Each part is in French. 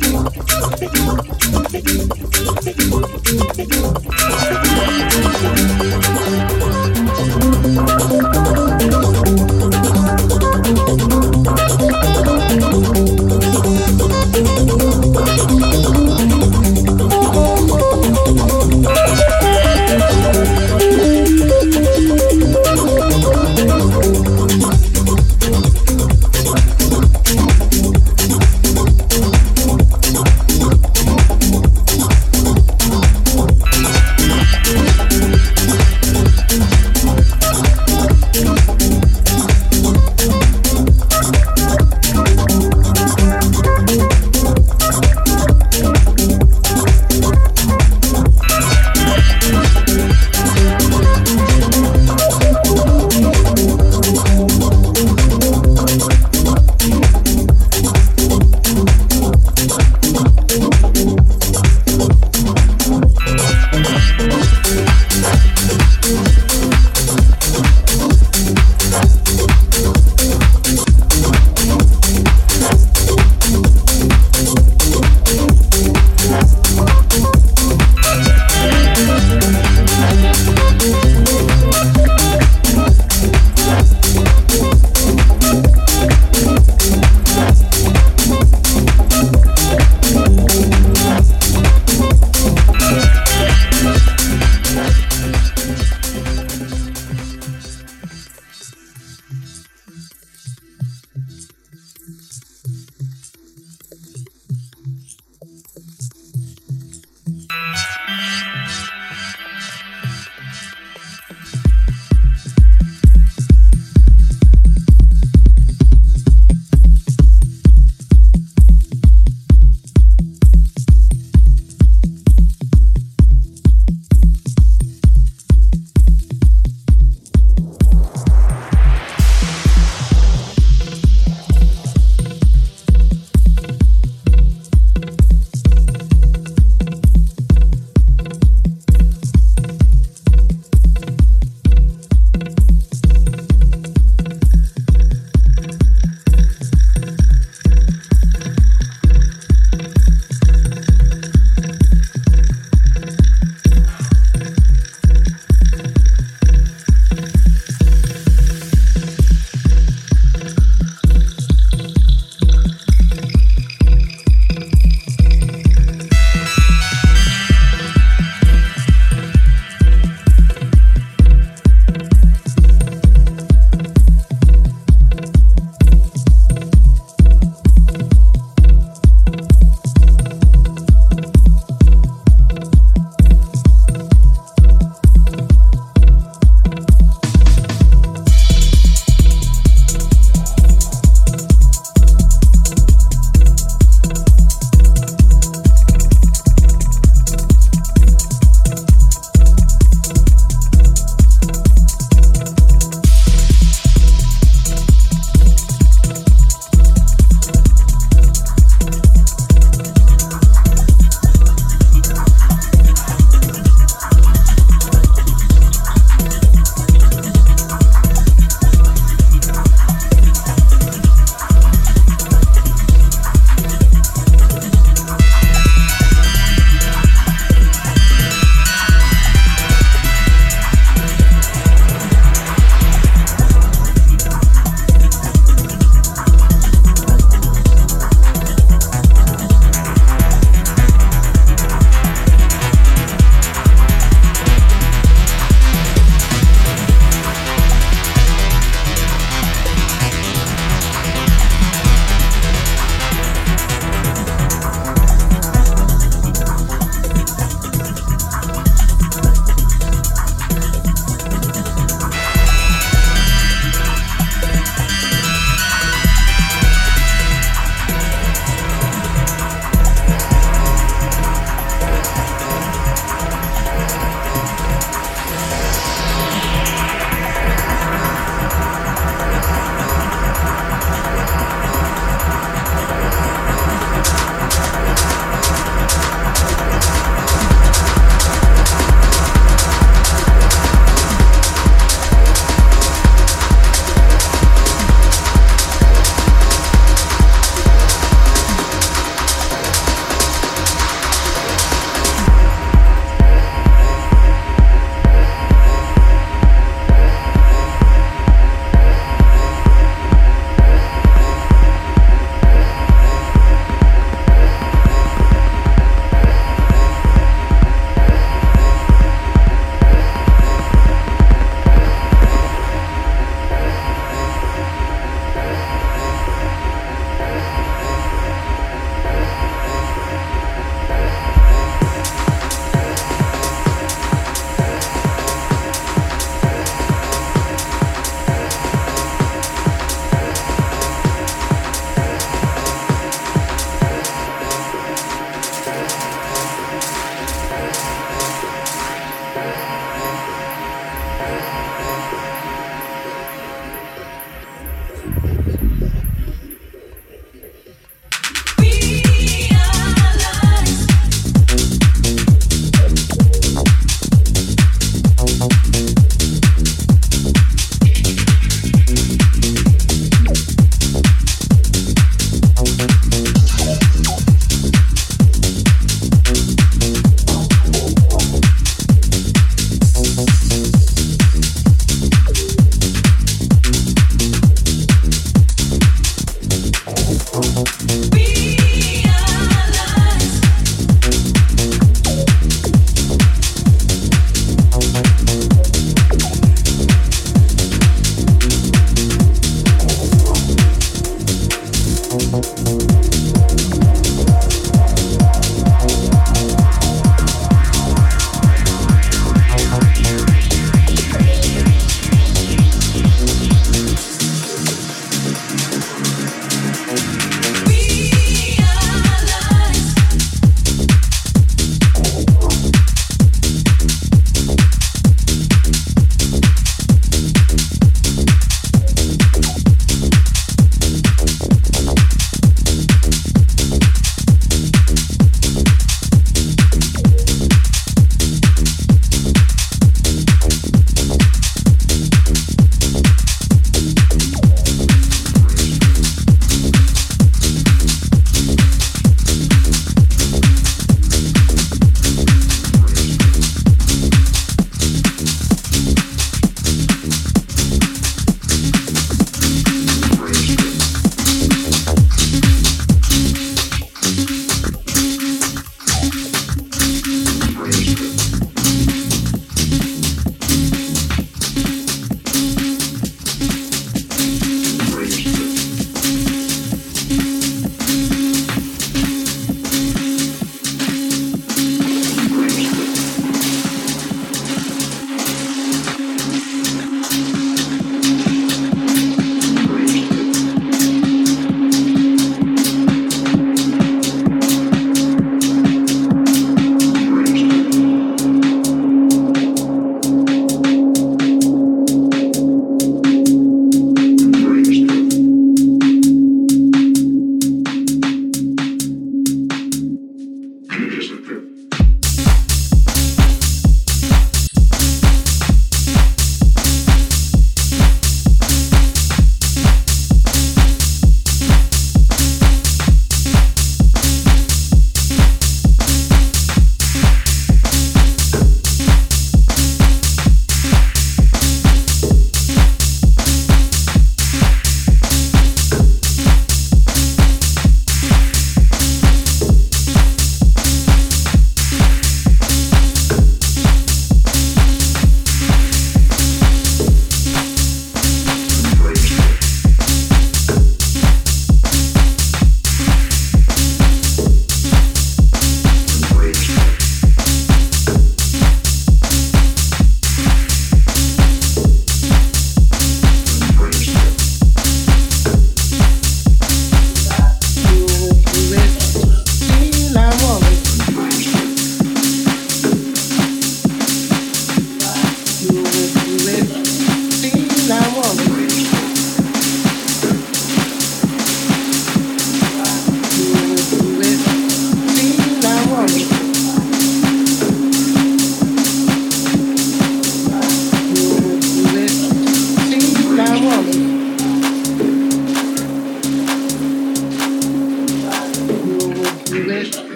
Je vais prendre le monstre,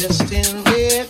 just in it.